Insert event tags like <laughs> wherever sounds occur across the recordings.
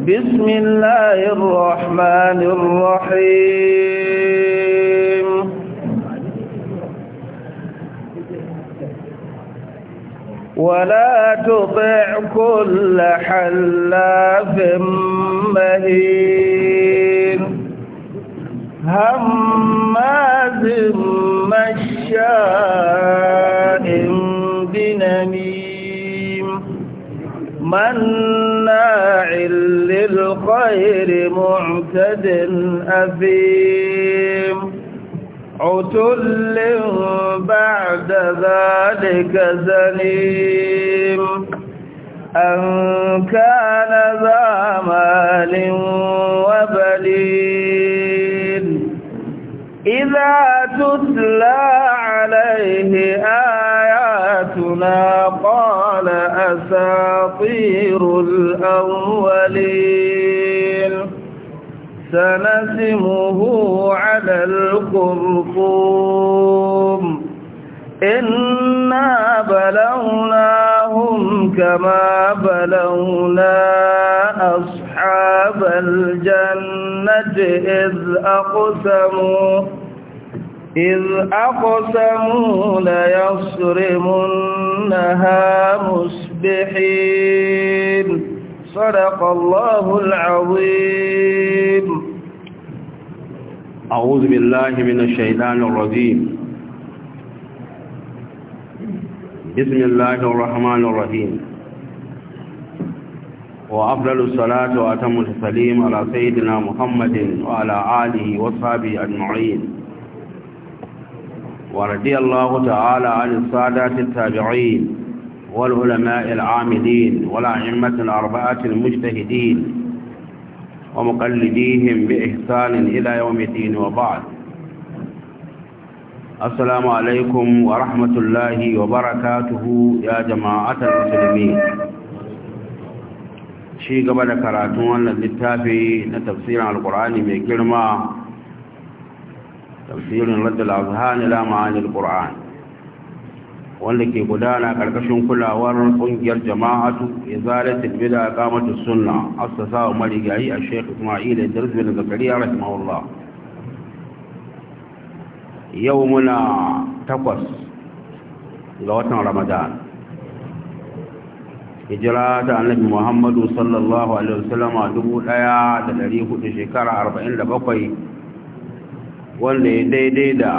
بسم الله الرحمن الرحيم ولا تطع كل حلاف مهين هماز مشاء بنميم مناع للخير معتد أثيم عتل بعد ذلك زنيم أن كان ذا مال وبلين إذا تتلى عليه آياتنا أساطير الأولين سنسمه على الخرطوم إنا بلوناهم كما بلونا أصحاب الجنة إذ أقسموا إذ أقسموا ليصرمنها مصبحين صدق الله العظيم أعوذ بالله من الشيطان الرجيم بسم الله الرحمن الرحيم وأفضل الصلاة وأتم التسليم على سيدنا محمد وعلى آله وصحبه أجمعين ورضي الله تعالى عن السادات التابعين والعلماء العامدين والأئمة الأربعة المجتهدين ومقلديهم بإحسان إلى يوم الدين وبعد السلام عليكم ورحمة الله وبركاته يا جماعة المسلمين شيء قبل كراتون للتافي لتفسير القرآن من كلمة tafsirin raddal azhan ila ma'anil qur'an wanda ke gudana ƙarƙashin kulawar ƙungiyar jama'atu izalatul bid'a qamatus sunna assasa wa marigayi a shaykh da Idris bin Zakariya rahimahullah yau muna takwas ga watan Ramadan hijira da annabi Muhammadu sallallahu alaihi wasallam hudu shekara 47 wanda ya daidai da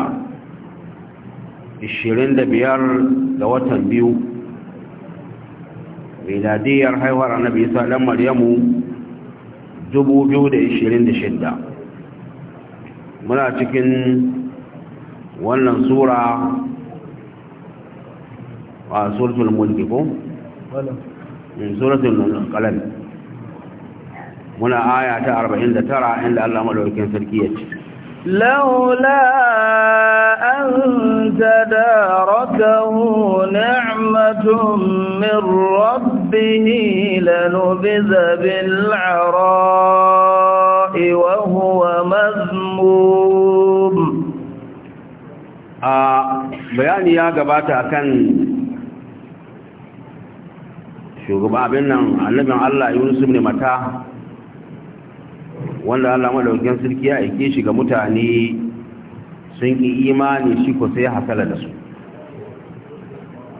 25 ga watan biyu miladiyar haihuwar annabi isa dan maryamu 2026 muna cikin wannan sura a suratul mulki ko mm, suratul qalam muna aya ta 49 inda Allah madaukakin sarki ya ce لولا أن تداركه نعمة من ربه لنبذ بالعراء وهو مذموم bayani ya gabata akan shugaba abin nan annabin Allah Yunus Mata wanda Allah madaukakin sarki ya aike shi ga mutane sun yi imani shi ko sai hasala da su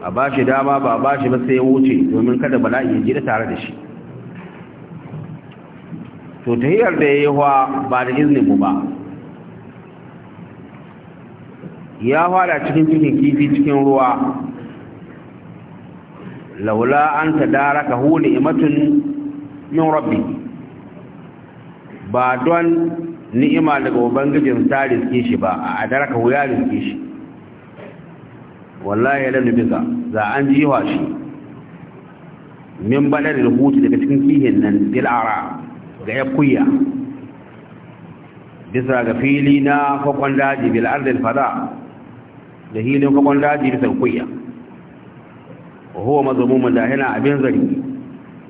a ba shi dama ba ba ba sai ya wuce domin kada bala'i ya ji da tare da shi to tahiyar da yayi wa ba da izinin mu ba ya fara cikin cikin kifi cikin ruwa laula an tadaraka hu ni'matun min rabbi ba don ni'ima daga ubangijin ta riske shi ba a adaraka ya riske shi wallahi ya lalu biza za an jiwa shi min balar hutu daga cikin kihin nan bil'ara, ga ya kuya bisa ga fili na kwakwan daji bil ardil fada da hilin kwakwan daji bisa kuya wa huwa mazmumun da hina abin zari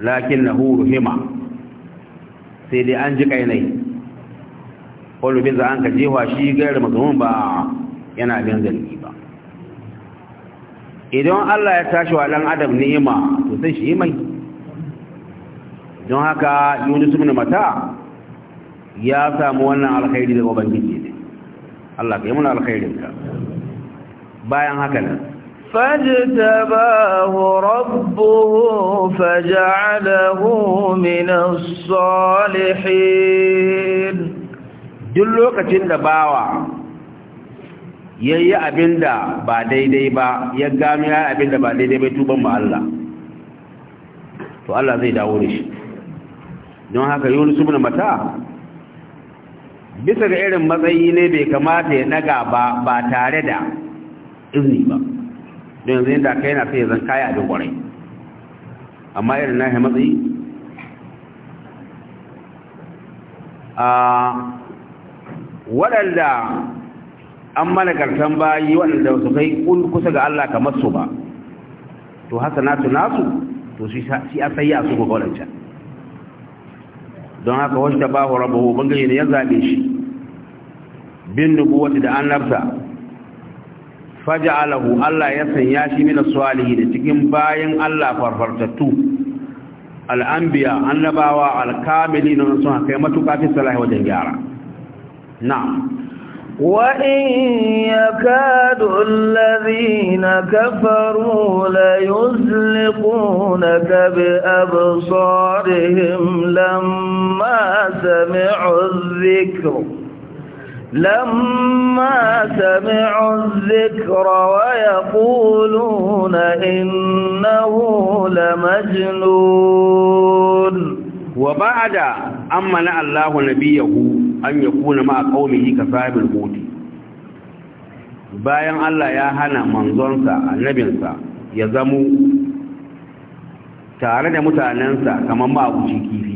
lakin na lakinnahu hima. sai dai an ji kainai wani bin za an ka jewa shi gairar mazumin ba yana bin zargi ba idan Allah ya tashi wa dan adam ni'ima to sai shi mai don haka yunus ibn mata ya samu wannan alkhairi daga ubangiji ne Allah ka yi mana alkhairin ka bayan haka nan فاجتباه ربه فجعله من الصالحين duk lokacin da bawa yayi abinda ba daidai ba ya gano ya abinda ba daidai bai tuban ba Allah to Allah zai dawo da shi don haka Yunus ibn Mata bisa ga irin matsayi ne bai kamata ya naga ba ba tare da izini ba don yanzu yadda aka yana sai zan kaya abin kwarai amma irin na matsayi a waɗanda an malakartan bayi waɗanda su kai kusa ga Allah kamar su ba to haka nasu nasu to shi a tsaye a su ga waɗancan don haka wasu ta ba wa rabu bangare ne ya zaɓe shi bin da an nafsa faja'alahu Allah ya sanya shi min salihin cikin bayan Allah farfartattu al'anbiya annabawa alkamili na sun kai matuƙa fi salahi wajen gyara na'am وإن يكاد الذين كفروا ليزلقونك بأبصارهم لما سمعوا الذكر لما سمعوا الذكر ويقولون إنه لمجنون وبعد أن منع الله نبيه أن يكون مع قومه كصاحب الحوت bayan Allah ya hana manzonsa annabinsa ya zamo tare da mutanensa kamar ma'abuci kifi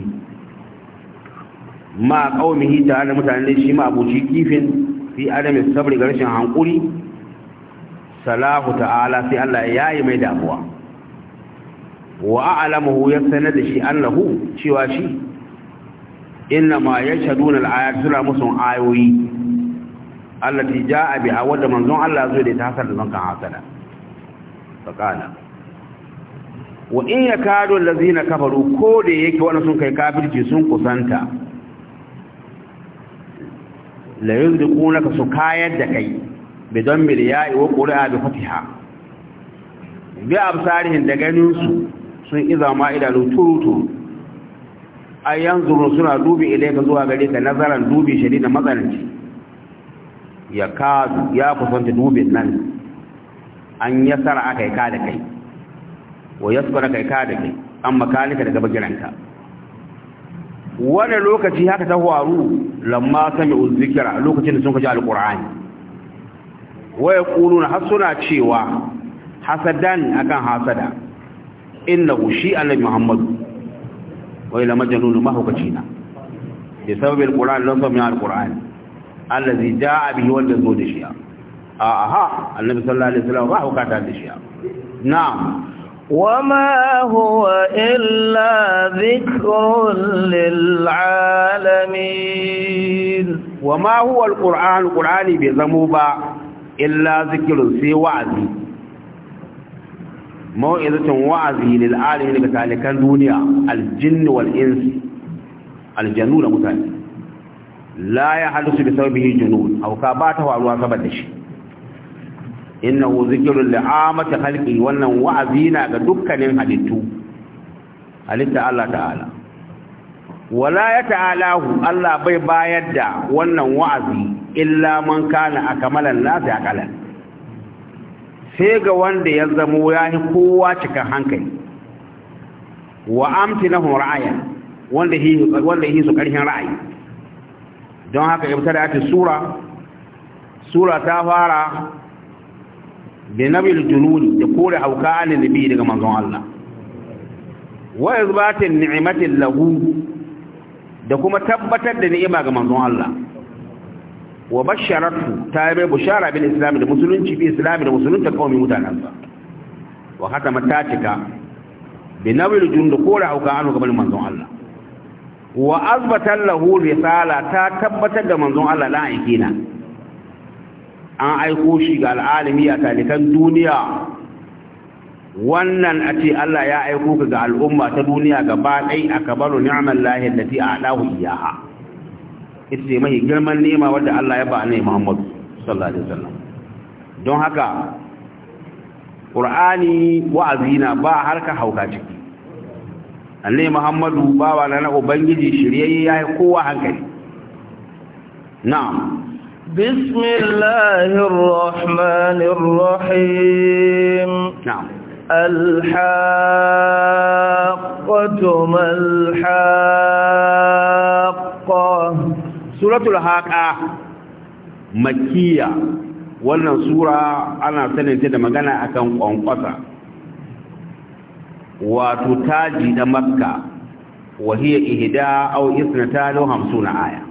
ma a qaumihi tare da mutane shi ma abuci kifin fi adami sabri ga rashin hankuri salahu ta'ala sai Allah ya yi mai damuwa wa a'lamuhu ya sanar da shi annahu cewa shi inna ma yashhaduna al-ayat sura musun ayoyi allati jaa bi awad manzon Allah zo da ta hasar da kan hasada faqala wa in yakadu allazina kafaru ko da yake wannan sun kai kafirci sun kusanta la yuzdiqunaka su kayar da kai bi dammir ya'i wa qura'a bi fatiha bi absarihin da ganin su sun iza ma idanu turutu ay yanzuru suna dubi ka zuwa gare ka nazaran dubi da matsalanci ya kazu ya kusanta dubin nan an yasara kai ka da kai wa yasbara kai ka da kai an makalika daga bagiranka wani lokaci haka ta faru lamma sami uzikira lokacin da sun kaji alkur'ani waya kuluna na hasuna cewa hasadan akan hasada innahu shi annabi muhammadu wai la majnun mahaukaci na da sababin alkur'an don sami alkur'an allazi jaa bihi wanda zo da shi a aha annabi sallallahu alaihi wasallam ba hukata da shi na'am وما هو إلا ذكر للعالمين وما هو القرآن القرآن بزموبا إلا ذكر سيوازي موئذة وعزي للعالمين كتالك الدنيا الجن والإنس الجنون مثال لا يحدث بسببه جنون أو كاباته وعلوها كبتش Inna innahu zikrun li'amati khalqi wannan wa'azi na ga dukkanin halittu halitta Allah ta'ala wala ya ta'alahu Allah bai bayar da wannan wa'azi illa man kana akmalan nasi akalan sai ga wanda ya zamo yayi kowa cikin hankali wa amtinahum ra'aya wanda hi wanda hi su karhin ra'ayi don haka ibtada ta sura sura ta fara bi nabil jununi da kore hauka ne nabi daga manzon Allah wa izbatin ni'matin lahu da kuma tabbatar da ni'ima ga manzon Allah wa basharatu ta yi bushara bil islam da musulunci bi islam da musulunta kawai mutanen sa wa hatama ta cika bi nabil junun da kore hauka an gaban manzon Allah wa azbatan lahu risala ta tabbatar da manzon Allah la'ikina an aiko shi ga al'alami a talikan duniya wannan a ce Allah ya aiko ka ga al'umma ta duniya gaba ɗai a kabaru ni'amar lahiyar da ti a ɗahu iyaha ita ce mahi girman nema wadda Allah ya ba a nema Muhammadu sallallahu don haka ƙur'ani wa'azina ba harka hauka ciki ne muhammadu bawa na ubangiji shiryayye ya yi kowa hankali na'am بسم الله الرحمن الرحيم نعم الحاقة ما الحاقة سورة الحاقة مكية وانا سورة أنا سنة تدى مغانا أكام قنقصة وتتاجد مكة وهي إهداء أو إثنتان وهم سونة آية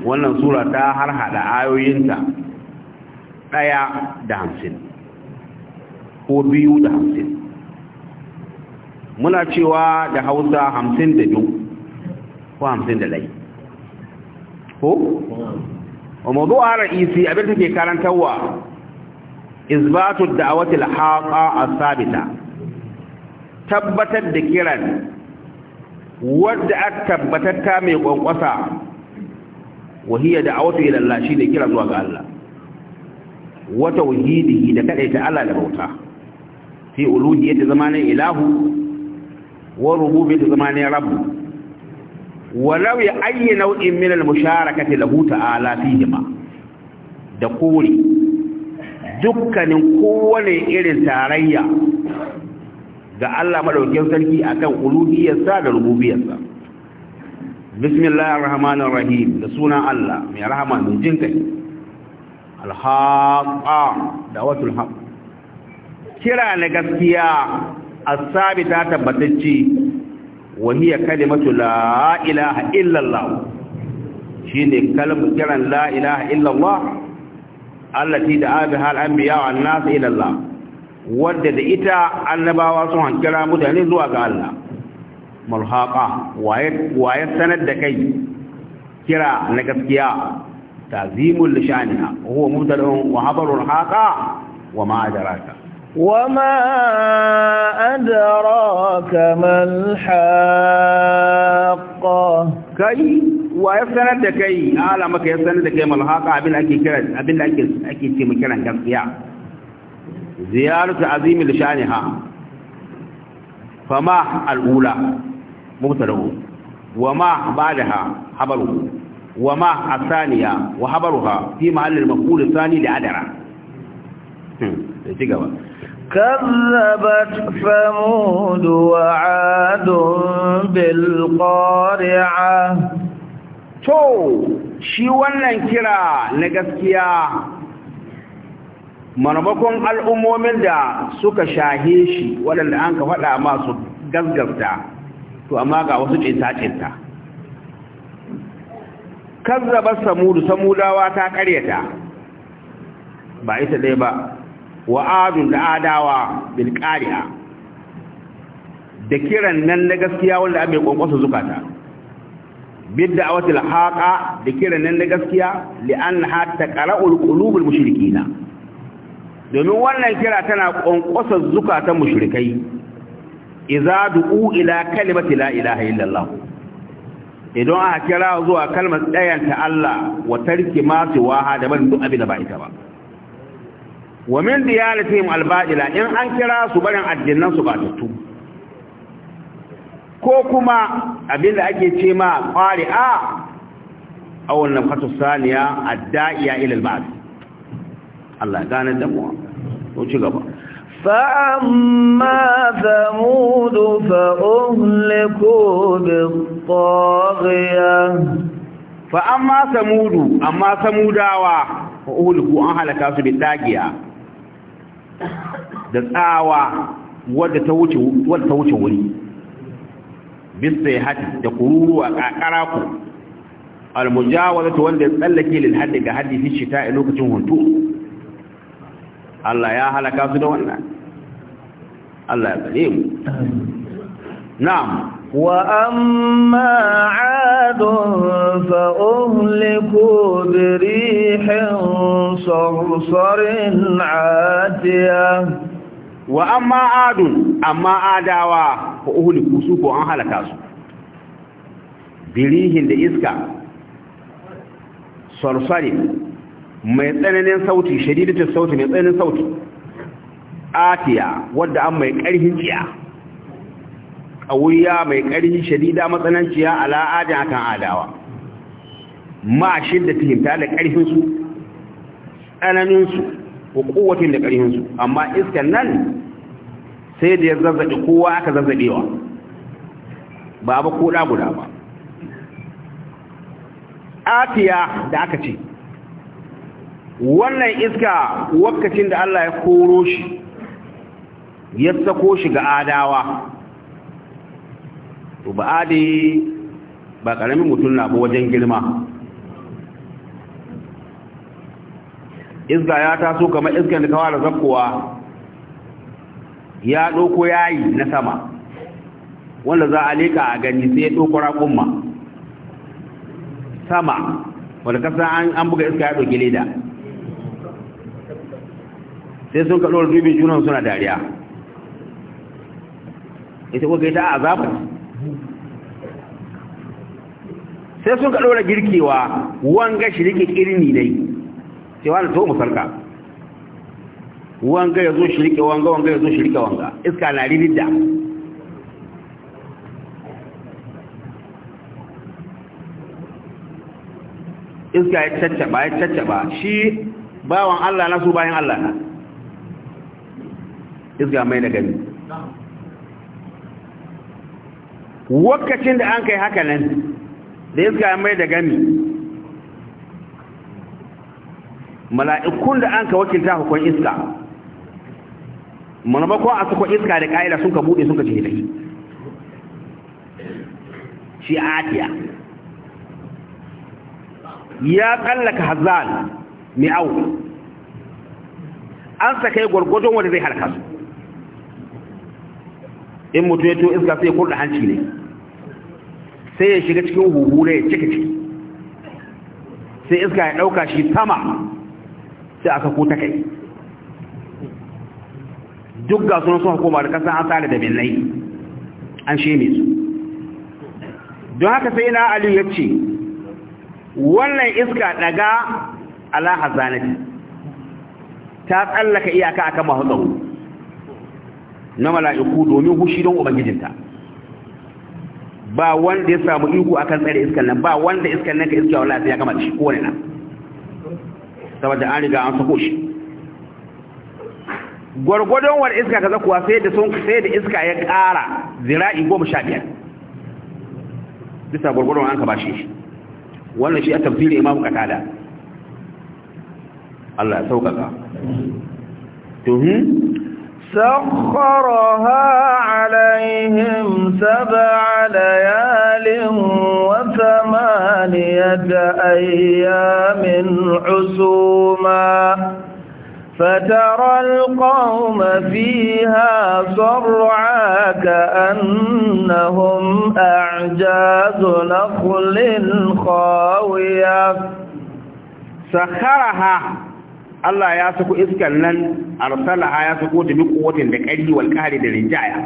wannan sura ta har hada ayoyinta ɗaya da hamsin ko biyu da hamsin muna cewa da hausa hamsin da biyu ko hamsin da lai ko? mazu a ra'isi abin take karantarwa izbatu da'awatul al-haqa as-sabita tabbatar da kiran wadda aka tabbatar ta mai kwankwasa wahiyya da'awatu ila Allah ne kira zuwa ga Allah wa tauhidihi da kadaita Allah da bauta fi uluhiyyati zamanin ilahu wa rububiyyati zamanin rabb law ya ayyi nau'in min al-musharakati lahu ta'ala fihima da kuri dukkanin kowane irin tarayya ga Allah madaukakin sarki akan uluhiyyarsa da rububiyarsa bismillahir rahmanir rahim da sunan Allah mai rahama mai jin kai alhaqa dawatul haq kira ne gaskiya as-sabita tabbatacci wa hiya kalimatu la ilaha illa Allah shine kalmar kiran la ilaha illa Allah allati da'a biha al-anbiya wa an-nas ila Allah wadda da ita annabawa sun kira mutane zuwa ga Allah ملحقة وايد وايد سند دكي كرا نكفيا تعظيم لشأنها وهو مبتدا وحضر الحاقة وما أدراك وما أدراك ما الحاقة كي وايد سند دكي على ما كي سند دكي ملحقة أبين أكيد كرا أبين أكيد أكيد كم كرا نكفيا زيارة تعظيم لشأنها فما الأولى wa وما بعدها خبره وما الثانية وخبرها في محل المفعول الثاني لعدرة كذبت ثمود وعاد بالقارعة تو shi wannan kira na gaskiya manamakon al'ummomin da suka shahe shi waɗanda an ka faɗa masu gasgasta to amma ga wasu tsinta-tsinta kazzabar samudu samudawa ta karyata ba ita dai ba wa adun da adawa bil qari'a da kiran nan na gaskiya wanda abai kwankwasa zukata da awatil haqa da kiran nan na gaskiya li an hatta qara'ul qulubul mushrikina domin wannan kira tana kwankwasa zukatan mushrikai idza du'u ila kalimati la ilaha illallah idan aka kira zuwa kalmar tsayanta Allah wa tarki ma waha da barin duk abin da ba ita ba wa min diyalatihim albadila in an kira su barin addinan su tattu, ko kuma abin da ake ce ma qari'a aw nafatu saniya adda'iya ila alba'd Allah gane da mu to ci gaba فأما ثمود فأهلكوا بالطاغية فأما ثمود أما ثموداوا فأهلكوا أهلكا su بالطاغية da tsawa wadda ta wuce wadda ta wuce wuri bisai hadi da kururuwa kakara ku almujawazatu wanda ya tsallake lil ga haddi fi shita a lokacin huntu Allah ya halaka da wannan Allah ya tsare mu na'am wa amma 'adun fa uhliku bi sarsarin 'atiyah wa amma adun amma adawa ko uhliku su ko an halaka su birihin da iska sarsari mai tsananin sauti shadidatul sauti mai tsananin sauti atiya wadda an mai ƙarfin ciya ƙauriya mai ƙarfi shadida matsananciya ala ajin akan adawa ma shidda tihimta da ƙarfinsu tsananinsu ko kowatin da ƙarfinsu amma iskan nan sai da ya zazzaɓe kowa aka zazzaɓewa ba ba koɗa guda ba atiya da aka ce wannan iska wakacin da Allah ya koro shi ya sako shi ga adawa to ba adi ba karamin mutum na ba wajen girma izga ya taso kamar iskan da kawara zakkowa ya ɗauko yayi na sama wanda za a leka a gani sai ya ɗauko raƙumma sama wanda kasa an buga iska ya ɗauki leda sai sun kaɗo da dubin junan suna dariya ita kuka ta azaba sai sun ka ɗora girkewa wanga shi rike irini ne cewa na to sarka wanga ya zo shi rike wanga wanga ya zo shi rike wanga iska na rididda iska ya caccaba ya caccaba shi bawan Allah na su bayan Allah na iska mai da gani wakacin da an kai haka nan da iska mai da gami mala'ikun da an ka wakilta hukun iska manamakon a suka iska da ƙa'ida sun ka buɗe sun ka ce dai shi adiya ya tsallaka hazal mai au an sakai gwargwadon wanda zai su. in mutu ya to iska sai kurɗa hanci ne sai ya shiga cikin huhu ne ya cika ciki sai iska ya ɗauka shi sama sai aka ta kai duk ga sunan suka koma da kasan an tsara da binnai an sheme su don haka sai na aliyu ya ce wannan iska daga alaha zanati ta tsallaka iyaka akan mahu tsaro na mala'iku domin hushi don ubangijinta ba wanda ya samu iko akan tsare iskan nan ba wanda iskan nan ka iska wala sai ya gama shi kowane nan saboda an riga an sako shi gwargwadon wani iska ka zakuwa sai da sun sai da iska ya ƙara zira'i goma sha biyar bisa gwargwadon an ka bashi shi wannan shi a tafsirin imamu katada Allah ya sauƙaƙa tuhun سخرها عليهم سبع ليال وثمانية أيام حسوما فترى القوم فيها صرعا كأنهم أعجاز نخل خاوية سخرها Allah ya saku iskan nan arsalaha ya saku ta bi kuwatin da ƙari wal ƙari da rinjaya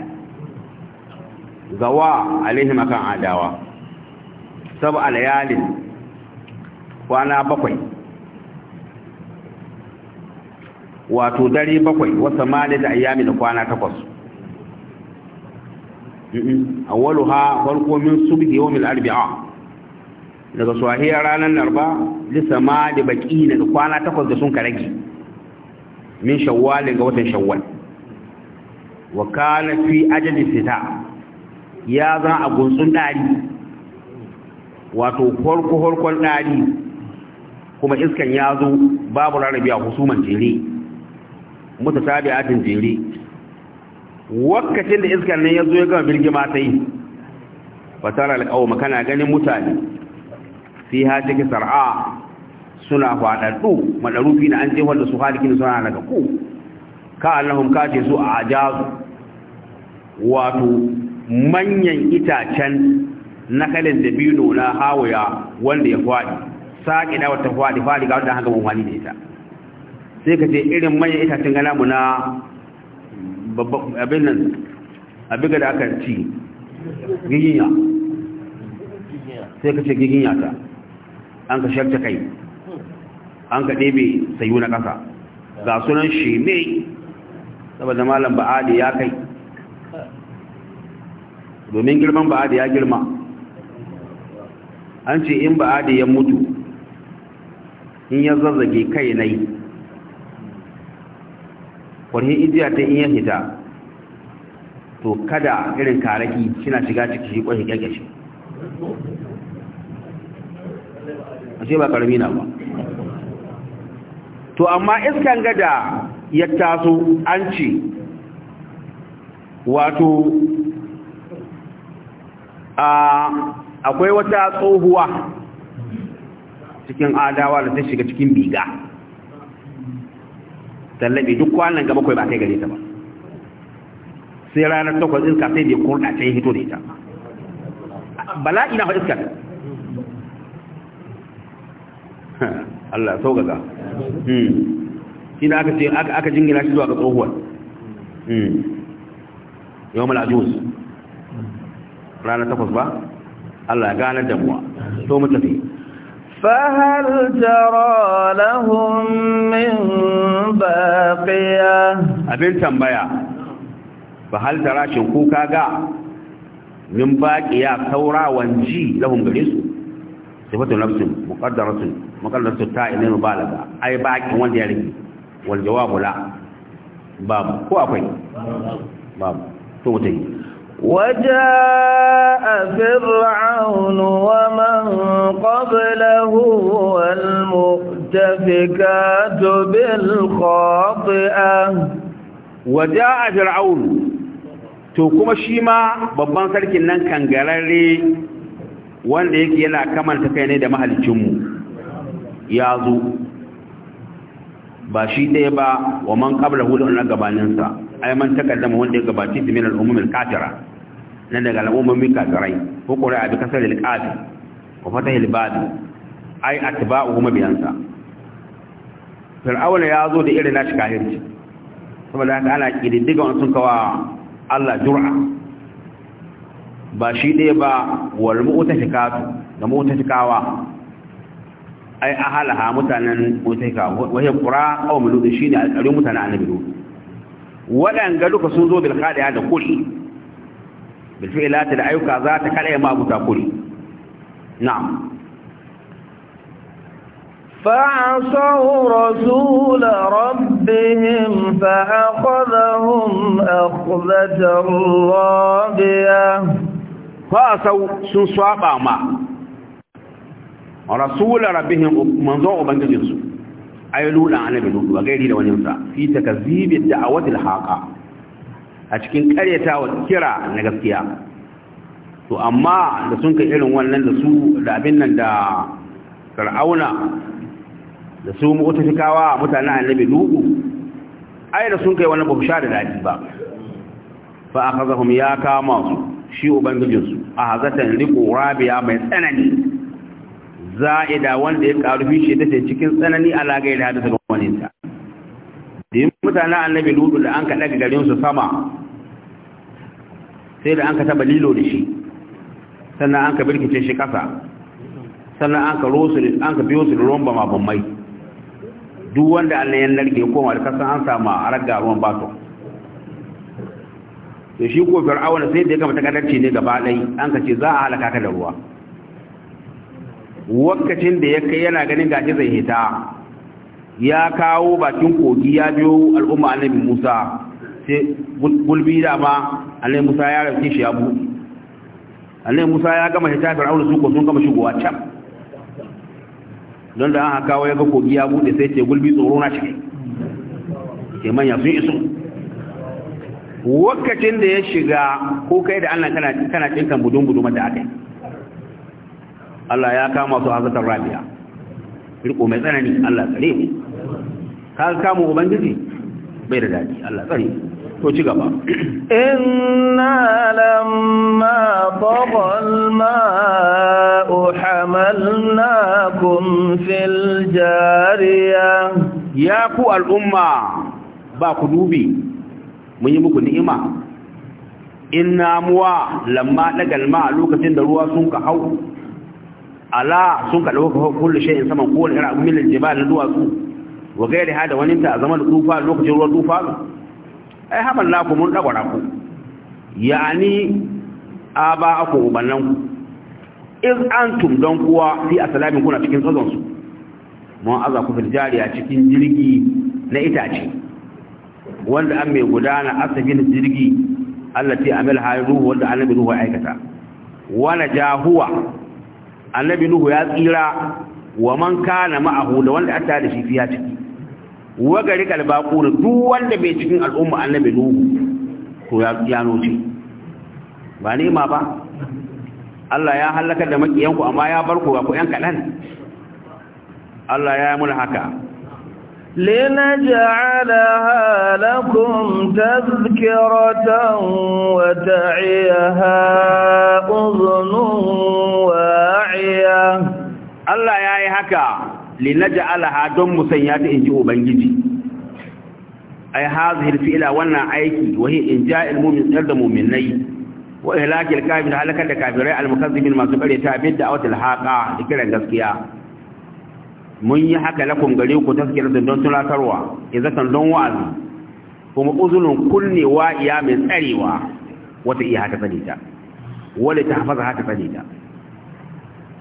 gawa alaihi makan adawa sabu alayalin kwana bakwai wato dare bakwai wata mali da ayyami da kwana takwas awwaluha farko min subhi yawmil arba'a daga suwahiyar ranar narba ma da baki na kwana takwas da sun ka rage min shawwalin ga watan shawwal wa kana fi ajali fita ya za a gunsun dari wato horko horkon dari kuma iskan ya zo babu rarrabe a husuman jere mutatabi'atin jere wakacin da iskan nan ya zo ya gama birgima sai fatara alƙawma kana ganin mutane fiha take sar'a suna fadaddu madarufi na an je wanda su halikin suna daga ku ka allahum ka ce su a ajazu wato manyan itacen da biyu na hawaya wanda ya fadi saki da wata fadi fadi ga wanda haka mun wani da ita sai ka ce irin manyan itacen gana mu na abin nan abin da aka ci giginya sai ka ce giginya ta an ka shafta kai an ka ɗebe sayu na ƙasa ga sunan shi ne saboda malam ba'adi ya kai domin girman ba'adi ya girma an ce in ba'adi ya mutu in ya zazzage kai na yi kwarhin ijiya ta in ya hita to kada irin karaki suna shiga ciki shi kwashi kyankyashi ashe ba karami na ba to amma iskan gada ya taso an ce wato akwai wata tsohuwa cikin adawa da ta shiga cikin biga tallabi duk kwanan gaba kwai ba kai gare ta ba sai ranar takwas iska sai bai kurɗa ta yi hito da ita bala'i na fa iskar <laughs> Allah sauƙaƙa hmm. shi da aka ce aka jingina shi zuwa ga tsohuwar hmm. yau malajus ranar takwas ba Allah ya gane damuwa so mu tafi فهل ترى لهم من باقية abin tambaya fahal tara shin ku kaga min baqiya saurawan ji lahum gare su sifatun nafsin muqaddaratun مقالة التائل مبالغة أي باقي وان يريد والجواب لا باب هو أفين باب توتي وجاء فرعون ومن قبله والمؤتفكات بالخاطئة وجاء فرعون to kuma shi ma babban sarkin nan kangararre wanda yake yana kamanta kai ne da mahalicinmu ya zo ba shi ɗaya ba wa man ƙabla hudu na gabaninsa ai man takaddama wanda ya gabaci su min al'ummin katira na daga al'ummin katirai ko a abi kasar al ko fata hilbadi al-badi ai a kuma biyansa fir'auna ya zo da irin nashi kahirci saboda haka ana ƙididdiga wani sun kawa Allah jur'a ba shi ɗaya ba wal mu'tafikatu da mu'tafikawa ay ahalaha mutanen mutaika wahi qura aw mulud shine alƙarin mutanen annabi lut waɗanga duka sun zo bil khadi'a da kuri bil fi'lati da ayyuka za ta kada ya mabuta kuri na'am فعصوا رسول ربهم فأخذهم أخذة رابية فعصوا سنصابا ما rasul rabbihim manzo a yi ay a Nabi lutu a gairi da wani sa fi takzibi da'awati alhaqa a cikin karyatawa kira na gaskiya to amma da sun kai irin wannan da su da abin nan da fir'auna da su mu'tafikawa mutanen annabi lutu ai da sun kai wannan babu sha da dadi ba fa kuma ya kama su shi ubangijinsu, a hazatan riko rabiya mai tsanani za'ida wanda ya karu fi shi ce cikin tsanani ala gairi hada daga wani ta din mutanen annabi lutu da an ka daga garin su sama sai da an ka taba lilo da shi sannan an ka birkice shi kasa sannan an ka rosu an ka biyo su da romba ma bammai duk wanda Allah ya narke koma da kasa an sama a raga ruwan bato to shi ko fir'auna sai da ya gama takaddarci ne gaba ɗaya an ka ce za a halaka ka da ruwa wakacin da ya kai yana ganin gashi zai hita ya kawo bakin kogi ya biyo al'umma annabi Musa sai gulbi da ma annabi Musa ya rauke shi ya buɗe annabi Musa ya gama hita aure su ko sun gama shigowa can don da an haka kawo ya ga kogi ya buɗe sai ce gulbi tsoro na shi ke manya sun iso wakacin da ya shiga ko kai da Allah kana kana kan budun budumar da aka yi Allah ya kama su azatar Rabi'a, riko mai tsanani Allah tsare mu ka kama ubangiji bai da dadi Allah tsare to ci gaba <clears throat> inna lamma taghal ma'u hamalnakum fil jariya ya ku al'umma ba ku dubi mun yi muku ni'ima inna muwa lamma dagal ma lokacin da ruwa sun ka hau ala sun ka dauka kullu shay'in saman kowane irin abu min aljibal duwatsu wa gairi hada wani ta zaman tufa lokacin ruwan tufa ai haban na ku mun dagwara ku yani ba aku ubannan ku iz antum don kuwa fi salamin kuna cikin tsazon su mun aza ku fil jariya cikin jirgi na itace wanda an mai gudana asabin jirgi allati amil hayru wanda annabi ruhu aikata wala jahuwa annabi nuhu ya tsira wa man kana ma'ahu da wanda aka da shi fiya ciki wa gari kalbaquna duk wanda bai cikin al'umma annabi nuhu to ya ya noce ba ne ma ba Allah ya halaka da makiyanku amma ya bar ku ba ku yan kadan Allah ya yi mana haka لنجعلها لكم تذكرة وتعيها أذن واعية الله يا هكا لنجعلها دم مسيات إنجو بنجي أي هذه الفئلة وانا أيكي وهي إنجاء المؤمن سرد مؤمني وإهلاك الكافر هلكة الكافرين المكذبين ما سبري تابد أو تلحاقا ذكرا قسكيا mun yi haka lakum gare ku tazkiratan don tunatarwa izatan don wa'azi kuma uzunun kullewa iya mai tsarewa wata iya haka tsare ta wala ta hafaza haka tsare ta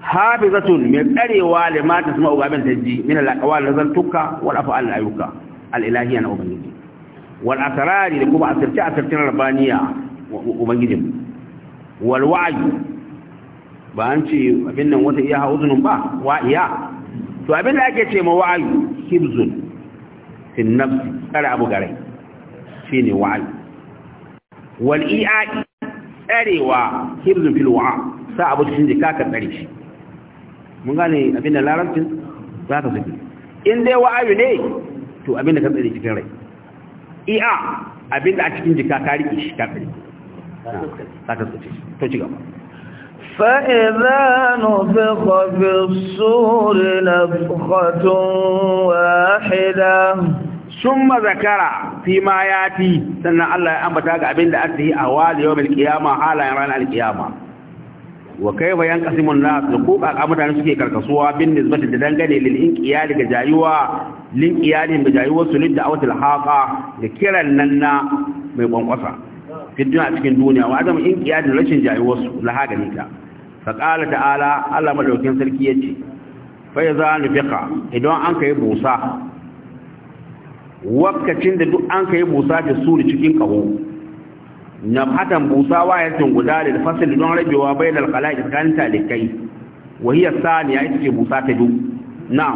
hafizatun mai tsarewa lima tasma'u gabin tajji min al-aqwal nazantuka wal af'al ayyuka al-ilahiyya na ubangiji wal asrari da kuma asirce asircin rabbaniya ubangijin wal wa'yi ba an ce abin nan wata iya uzunun ba wa'iya to abin da ake ce ma wa'ayu hibzun fin nafsi tsara abu garai shi ne wa'ayu wal iai tsarewa hibzun fil wa'a sa abu cikin jika ka tsare shi mun gane abin da larabcin za ka zafi in dai wa'ayu ne to abin da ka tsare cikin rai iya abin da a cikin jika ka rike shi ka tsare ta ka tsace to ci gaba فإذا نفخ في الصور نفخة واحدة ثم ذكر فيما ياتي سنة الله أنبتا قابل لأته أهوال يوم القيامة حالا يران القيامة وكيف ينقسم الناس لقوق الأمر نسكي كالكسوة بالنسبة لدنقل للإنقيال كجايوة لإنقيالهم كجايوة سلد أو تلحاقة لكرا لنا من قنقصة fiddin a cikin duniya wa adam in kiyadin rashin jayuwarsu laha gani ta faƙala ta'ala Allah maɗaukin sarki ya ce fai za ni fiƙa idan an ka busa wakacin da duk an ka busa da su da cikin ƙaho na hatan busa wayar guda da fasil don rabewa bai da kai. tsakanin talikai wahiyar ya ita ce busa ta duk Na.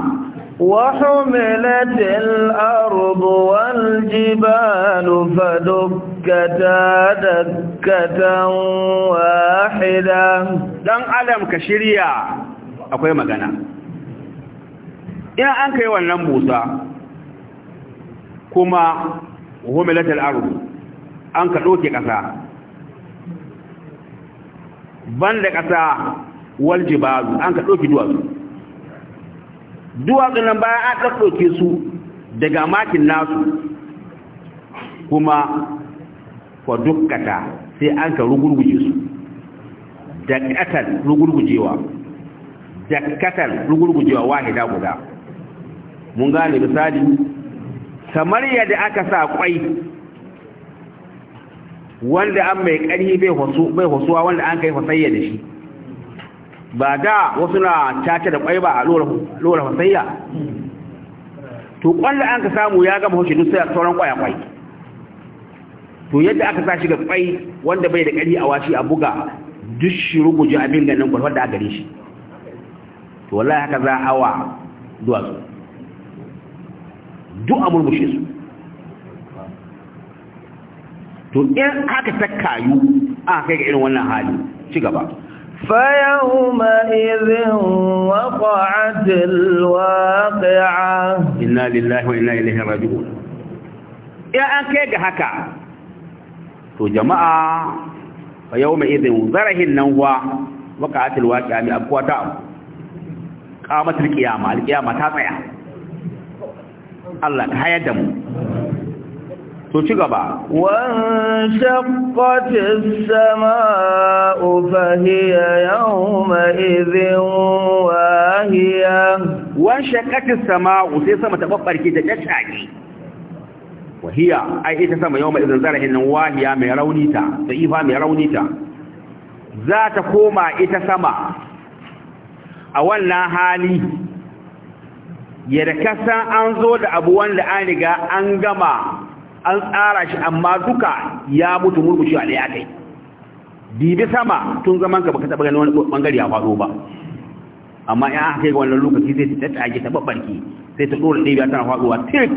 وحملت الأرض والجبال فدكتا دكة واحدة دان ألم كشريا أكو يا مغانا إنا أنك يوان موسى كما وحملت الأرض أنك لوكي كسا بان لكسا والجبال أنك لوكي دوازو duwatsun nan bayan a ɗaɗɗoke su daga makin nasu kuma kwa dukkata sai an ka rugurguje su dakatar rugurgujewa dakatar ƙatar rugurgujewa wahida guda mun gane misali kamar yadda aka sa kwai wanda an mai ƙari bai hasuwa wanda an kai fasayya da shi ba da wasu na caca da kwai ba a lura fasayya to kwallo an ka samu ya gama hushe duk sai a sauran kwaya kwai to yadda aka sa shi ga kwai wanda bai da kari a washi a buga duk shi ruguje abin ganin kwalfar da a gare shi to wallahi haka za a wa duwatsu duk a murmushe su to in haka ta kayu aka kai ga irin wannan hali ci gaba فيومئذ وقعت الواقعة إنا لله وإنا إليه راجعون يا أكيد هكا تو جماعة فيومئذ ذره النوى وقعت الواقعة من أبقوة قامت القيامة القيامة تطيع الله كهيدمو to ci gaba wan shaqqatis samaa'u fa hiya yawma idhin wahiya wan shaqqatis samaa'u sai sama ta babbarke da tsaki wahiya ai ita sama yawma idhin zarahin wahiya mai raunita, ta sa'ifa mai raunita. za ta koma ita sama a wannan hali Yadda kasan an zo da abu wanda an riga an gama an tsara shi amma duka ya mutu murmushi a daya kai dibi sama tun zaman ka baka taɓa ganin wani bangare ya faɗo ba amma in aka kai ga wannan lokaci sai ta tage ta babbarki sai ta ɗora ɗaya tana faɗuwa tik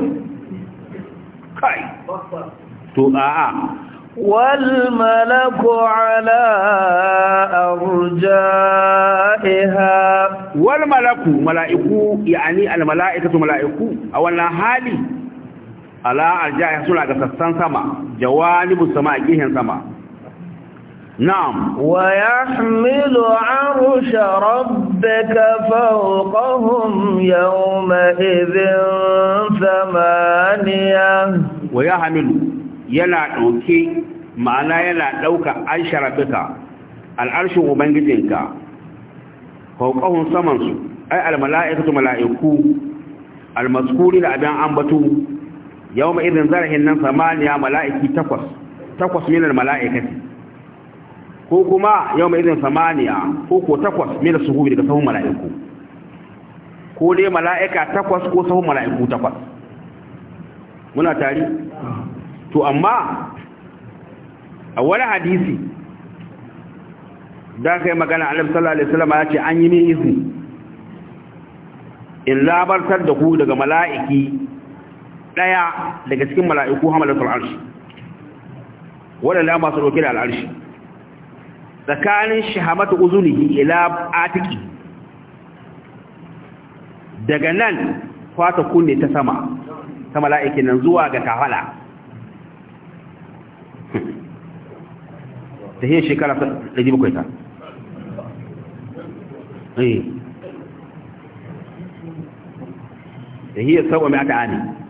kai to a'a والملك على أرجائها والملك ملائكو يعني الملائكة ملائكو أولا حالي ala arja'i suna ga sassan sama jawalibu sama gihin sama na'am wa yahmilu 'arsha rabbika fawqahum yawma idhin thamaniya wa yahmilu yana dauke ma'ana yana dauka arshara bika al'arshin ubangijinka fawqahum samansu ay al mala'ikatu mala'iku al maskuri da abin ambatu yau ma izin zarahin nan samaniya mala'iki takwas takwas minar mala'ikati ko kuma yau ma izin samaniya ko ko takwas minar suhubi daga sahun mala'iku ko dai mala'ika takwas ko sahun mala'iku takwas muna tari to amma a wani hadisi da yi magana alim sallallahu alaihi wasallam ya ce an yi min izini in labartar da ku daga mala'iki daya daga cikin mala'iku hamalatul arshi wadanda ya masu roƙi da al'arshi tsakanin shahamatu uzunihi ila atiki daga nan fata kunne ta sama ta mala'ikin nan zuwa ga kafala ta hiyar shekara 700 ta eh ta hiyar sauwa mai aka ani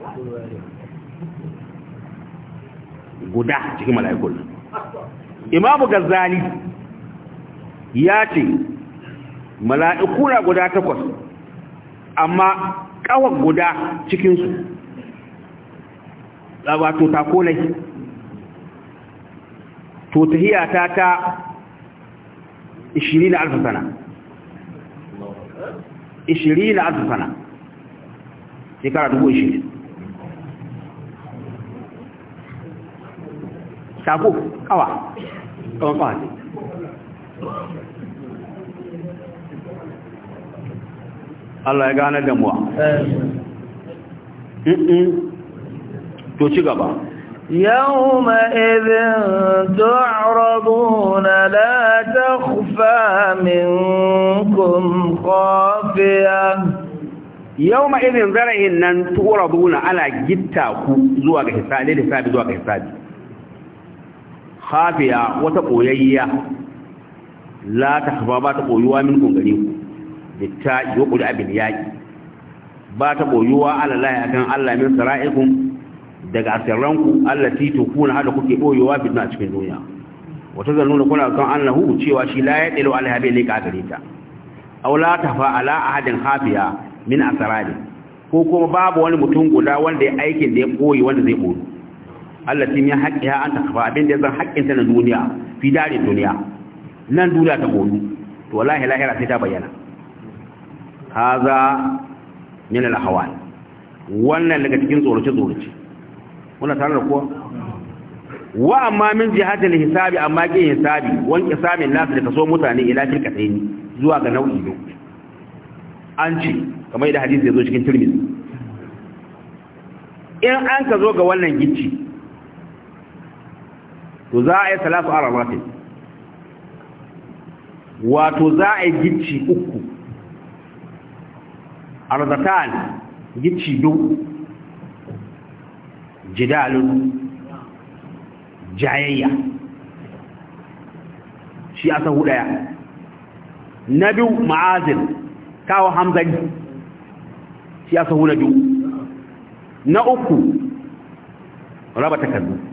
guda cikin mala'ikun imamu gazzali ya ce mala'ikuna guda takwas amma kawar guda cikinsu wato takolai to tahiyata ta 20,000 sana 20,000 sana shekara 20,000 sako kawa kawan kawa ne Allah ya gane damuwa to ci gaba يومئذ تعرضون لا تخفى منكم خافية يومئذ ذرعنا تعرضون على جتاكو زواج حسابي zuwa زواج حسابي khafiya wata koyayya la ta khafa ba ta koyuwa min kun gare ku da ta yi kuri abin yaqi ba ta koyuwa alalahi akan Allah min sara'ikum daga asirranku ku na hada kuke boyewa bidna cikin duniya wata zan nuna kuna kan hu cewa shi la ya dalo habi ne ka gare ta aw la fa ala ahadin khafiya min asrari ko kuma babu wani mutum guda wanda ya aikin da ya koyi wanda zai koyi allati haƙƙi haqqiha an kafa abin da zan haƙƙin ta na duniya fi dare duniya nan duniya ta godu to wallahi lahira sai ta bayyana haza min al-ahwal wannan daga cikin tsorace-tsorace. wannan tare da kuwa wa amma min jihatil hisabi amma ke hisabi wan kisamin nas da kaso mutane ila tilkataini zuwa ga nau'i ne an ce kamar da hadisi ya zo cikin tirmidhi in an ka zo ga wannan gicci to za a yi salatu aramatin wato za a yi gicci uku arzatan gicci duk jidalun jayayya shi a sahu daya na biyu ma'azin kawo hamzani shi a sahu na biyu na uku raba takardu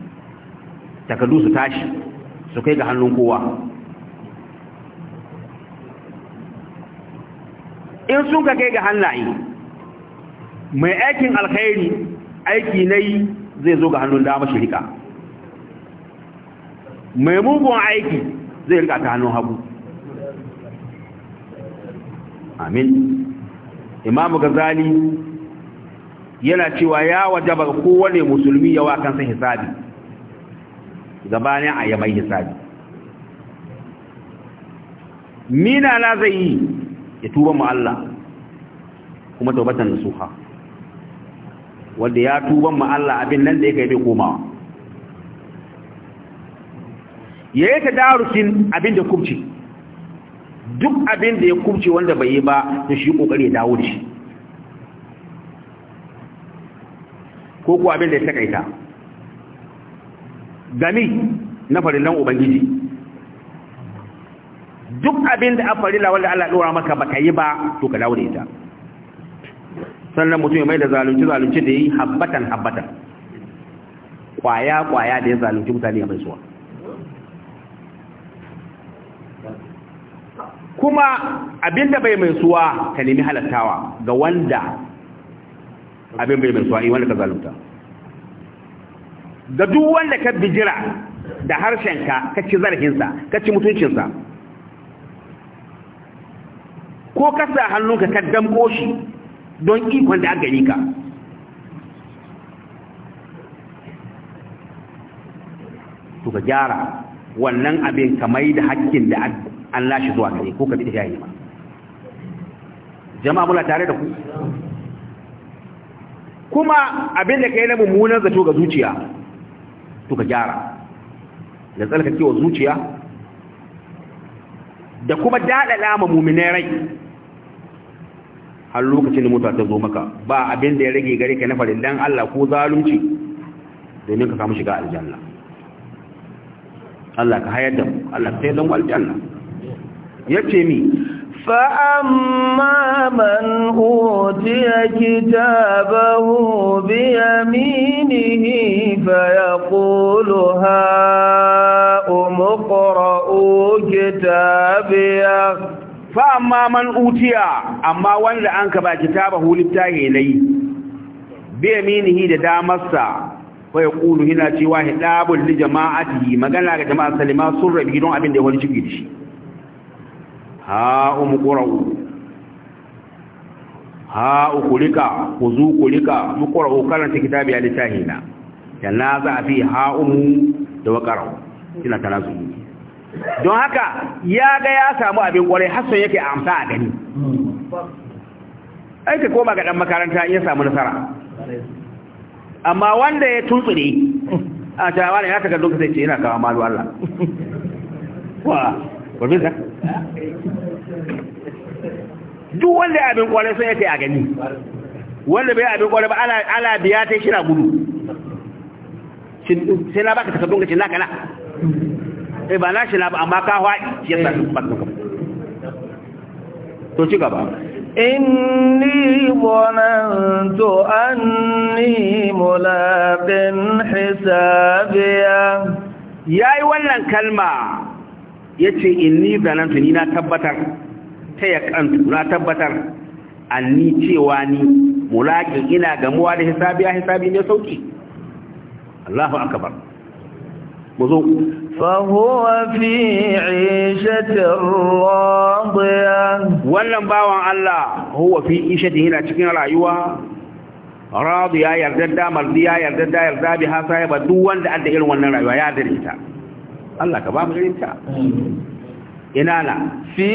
takardu su tashi su kai ga hannun kowa in sun ka kai ga hannaye mai aikin alkhairi aiki na yi zai zo ga hannun dama shirika mai mugun aiki zai rika ta hannun hagu amin imamu gazali yana cewa ya wajaba kowane musulmi yawa kansa hisabi gabanin a yamai hisabi mina la zai yi ya tuba mu Allah kuma taubatan nasuha wanda ya tuba mu Allah abin nan da yake bai komawa yayi ta darusin abin da kubci duk abin da ya kubce wanda bai yi ba to shi kokari ya dawo da shi ko ko abin da ya takaita gami na farillan ubangiji duk abin da a farilla wanda Allah ya dora maka baka yi ba to ka dawo da ita sannan mutum ya mai da zalunci zalunci da yi habbatan habbatan kwaya kwaya da ya zalunci mutane ya mai kuma abin da bai mai suwa ka nemi halattawa ga wanda abin bai mai suwa yi wanda ka zalunta ga duk wanda ka bijira da harshenka ka ci zarfinsa ka ci mutuncinsa ko ka sa hannunka ka damko shi don ikon da aka yi ka to ka gyara wannan abin kamar da hakkin da an lashe zuwa gare ko ka bi da yayi ma jama'a mula tare da ku kuma abin da kai na mummunan zato ga zuciya to ka gyara da tsarkakewa zuciya da kuma daɗaɗa ma muminai rai har lokacin da mota ta zo maka ba abin da ya rage gare ka na dan Allah ko zalunci domin ka samu shiga aljanna Allah ka hayar da mu Allah ka sayar da mu aljanna yace mi فأما من أوتي كتابه بيمينه فيقول هاؤم اقرءوا كتابيه فأما من أوتي أما وند أنك با كتابه لبتاهي لي بيمينه دامسا فيقول هنا تيواه داب لجماعته مغانا جماعة سلمة سر بيدون أبن دي هولي شكي ha'um qura'u ha'u kulika kuzu kulika muqra'u karanta kitabi ali tahina yana za fi mu da waqra'u ina tanazu don haka ya ga ya samu abin kwarai hasan yake amsa a gani ai ka koma ga dan makaranta ya samu nasara amma wanda ya tuntsure a tawarin ya ta ga lokacin ce yana kawo malu Allah <laughs> wa babin duk wanda ya abin kwarai sun yake a gani wanda bai abin kwarai ba ala biya ta shi na gudu sai na baka takardun gashi naka na eh ba na shi na ba amma ka haɗi ya sami duk ba to ci gaba إني ظننت أني ملاق Ya yi wannan kalma. yace inni zanantu ni na tabbatar ta ya kantu na tabbatar anni cewa ni mulaqin ina gamuwa da hisabi a hisabi ne sauki Allahu akbar muzo fahuwa fi 'ishatir radiyah wannan bawan Allah huwa fi 'ishatihi na cikin rayuwa radiya yarda damar mardiya yarda da yarda bi hasa ya duk wanda adda irin wannan rayuwa ya dare ta Allah ka ba mu garinta ina na fi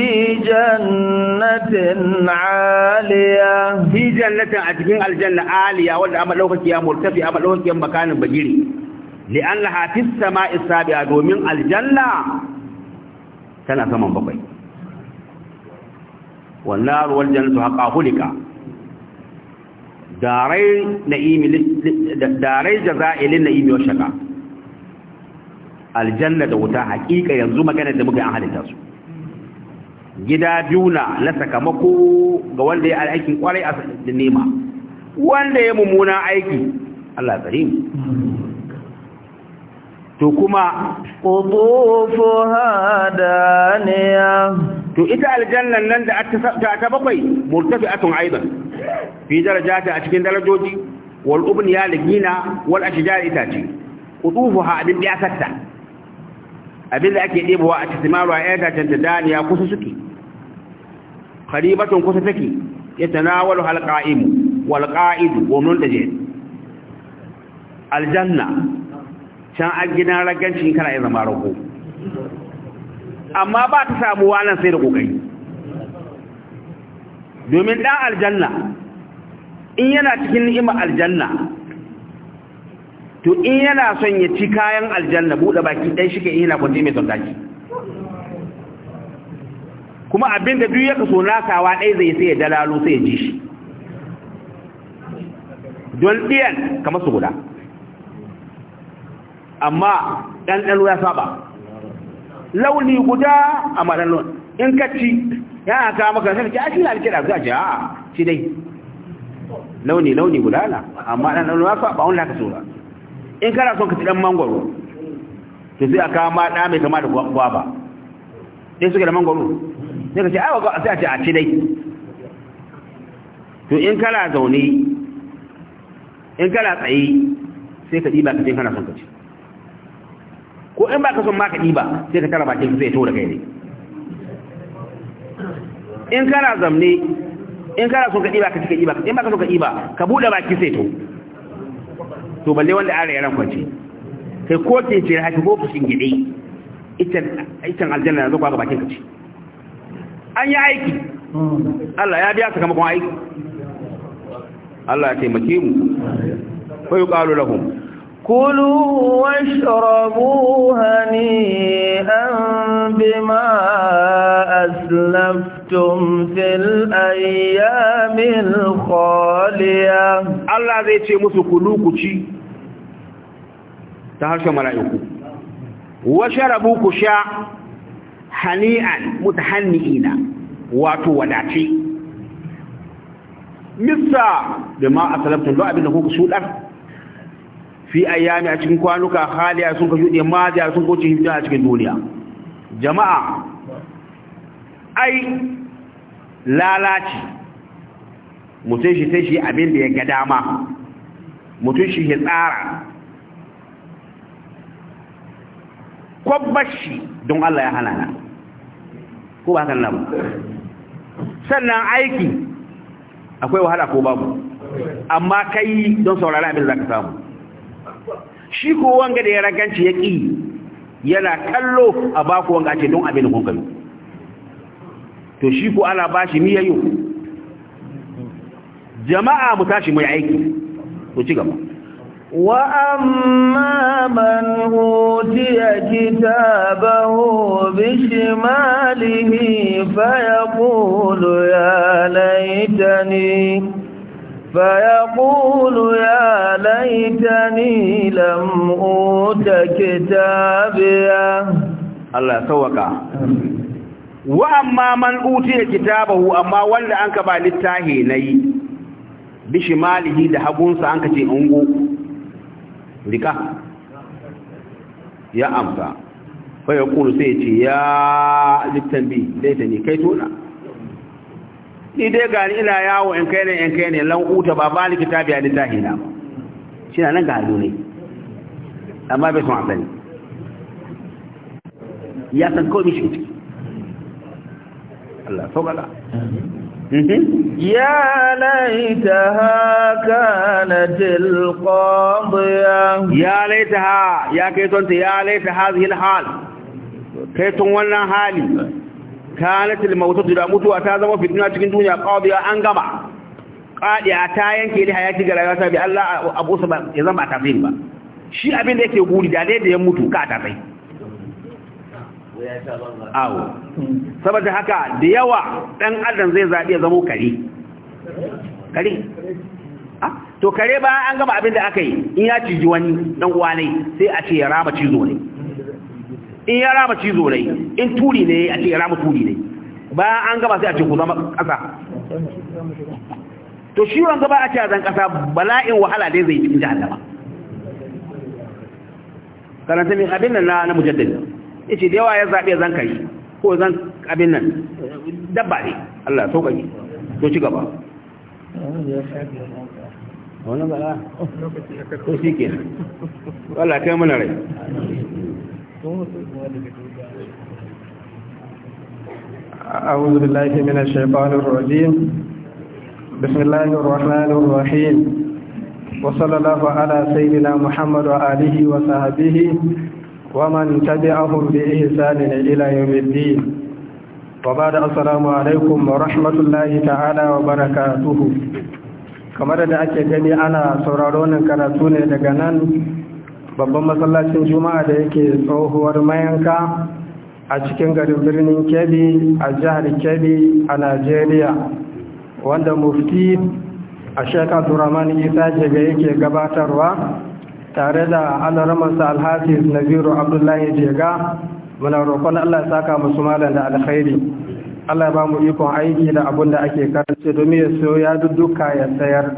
jannatin aliya fi jannatin a cikin aljanna aliya wanda amma daukaki ya murtafi amma daukaki makanin bagiri li an laha fi sama'i sabi'a domin aljanna tana saman bakwai wannan ruwan jannatu haqa hulika darai na'imi darai jaza'ilin na'imi wa shaka aljanna da wuta hakika yanzu magana da muka yi an halitta su gida biyu na na sakamako ga wanda ya aikin kwarai a da nema wanda ya mummuna aiki Allah tsare mu to kuma qutufu hadaniya to ita aljannan nan da ta ta bakwai murtafi'atun aidan fi darajata a cikin darajoji wal ubniya ligina wal ashjar itaci abin hadin bi'asatta abin da ake ɗebowa a tisimaru a ‘yar dacen da daniya kusa suke karibatun kusa take ya tanawalu halƙa'imu walƙa'idu gomin da jeri aljanna can an gina ragancin kana ya zama rago amma ba ta samu nan sai da ƙoƙari domin ɗan aljanna in yana cikin ni'ima aljanna to in yana son ya ci kayan aljanna buɗe baki ɗan shi ke yana kwanci mai tsarki kuma abin da duk ya kaso nasawa ɗai zai sai ya dalalo sai ya ji shi don ɗiyan kamar su guda amma ɗanɗano ya saba launi guda a maɗannon in ka ci ya aka maka sai a shi lalike da zuwa ce a shi dai launi launi guda na amma ɗanɗano ya saba wani haka so in kana son ka ci dan mangoro to sai aka ma da mai kama da gwaba dai suke da mangoro sai ka ce ai sai a ce a ci dai to in kana zaune in kana tsaye sai ka diba ka ce kana son ka ci ko in ba ka son ma ka diba sai ka tara bakin sai to da kai ne in kana zamne in kana son ka diba ka ci ka diba in ba ka son ka diba ka bude baki sai to to balle wanda ara yaran kwace kai ko ke ce haka ko fushin gide ita ita aljanna yanzu kwa ga bakin kace an yi aiki Allah ya biya sakamakon aiki Allah ya taimake mu fa yuqalu lahum kulu washrabu hani'an bima aslaftum fil ayyamil khaliya Allah zai ce musu kulu ku ci ta harshen mala'iku wa rabu ku sha hani'an mutahanni'ina wato wadace missa da ma a salabtun don abin da kuka shuɗar fi yami a cikin kwanuka haliya sun ka shuɗe maziya sun koce hifta a cikin duniya jama'a ai lalaci mutum shi sai shi abin da ya ga dama mutum shi ya tsara bashi don Allah ya hana na ko ba hakan namu sannan aiki akwai wahala ko babu amma kai don saurara abin da ka samu shi ko wanga da ya raganci ya ƙi yana kallo a baku wanga ce don abin kun kai to shi ko ana bashi miyayyo jama'a mu tashi mai aiki ko ci gaba وأما من أوتي كتابه بشماله فيقول يا ليتني فيقول يا ليتني لم أوت كتابيا الله سوكا وأما من أوتي كتابه أما ولا أنك بالتاهي ني بشماله دهبون سأنك تنقو rika ya amsa fa ya kulu sai ce ya bi dai ta ne kai tona ni dai gani ina yawo in kai ne in kai ne lan uta ba ba ni kitabi a littafi na shi na nan ga halu ne amma bai san asali ya san kawai mishi Allah saukala يا ليتها كانت القاضية يا ليتها يا كيتونت يا ليت هذه الحال كيتون wannan hali كانت الموتة da mutuwa ta zama fitna cikin duniya qadiya an gaba qadiya ta yanke da hayati ga rayuwa bi Allah Abu Usman ya zama tafsir ba shi abin da yake guri da dai da ya mutu ka tafai. awo saboda haka da yawa ɗan adam zai zaɓi ya zamo kare kare ah, to kare ba an gaba abin da aka yi in ya ciji wani ɗan uwa sai a ce ya rama cizo ne in ya rama cizo ne in turi ne a ce ya rama turi ne ba an gaba sai a ce ku zama ƙasa to shi wanzu ba a ce a zan ƙasa bala'in wahala dai zai cikin jahannama karanta min abin nan na mujaddadi yace da yawa ya zabe zan kai ko zan abin nan dabba ne Allah ya sauƙaƙe to ci gaba wani ba ko shi ke wala kai mana rai أعوذ بالله من الشيطان الرجيم بسم الله الرحمن الرحيم وصلى الله على سيدنا محمد وآله وصحبه ومن تبعهم بإحسان إلى يوم الدين وبعد السلام عليكم ورحمة الله تعالى وبركاته kamar da ake gani ana sauraro karatu ne daga nan babban masallacin juma'a da yake tsohuwar mayanka a cikin garin birnin kebbi a jihar kebbi a najeriya wanda mufti a shekar turaman isa jega yake gabatarwa tare da alaramansa alhafiz naziru abdullahi jega muna roƙon allah ya saka musu malam da alkhairi allah ba mu ikon aiki da abun da ake karance domin ya siyo ya dudduka ya sayar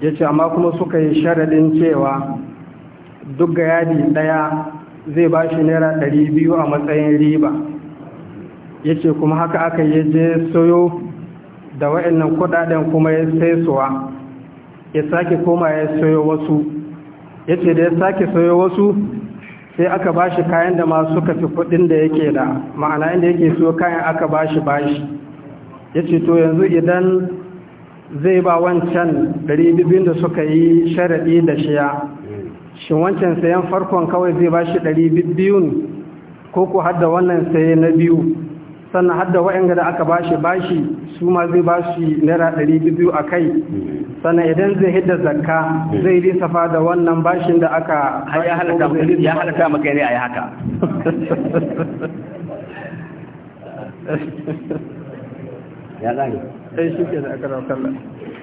ya ce amma kuma suka yi sharadin cewa duk ga yadi ɗaya zai ba shi naira ɗari biyu a matsayin riba ya ce kuma haka aka yi je soyo da wa'annan kuɗaɗen kuma ya sai suwa ya sake koma ya soyo wasu yace da ya sake sayo wasu sai aka bashi kayan da masu suka fi kudin da yake da ma'ana inda yake so kayan aka bashi bashi yace to yanzu idan zai ba wancan 200 da suka yi sharaɗi da shiya shi wancan sayan farkon kawai zai bashi shi 200 ko ku wannan saye na biyu sannan hadda wa'in da aka bashi bashi su ma zai bashi naira ɗari biyu a kai sannan idan zai hidda zakka zai lissafa da wannan bashin da aka ya halatta maka ne a yi haka <laughs> ya zane eh, shi ke da aka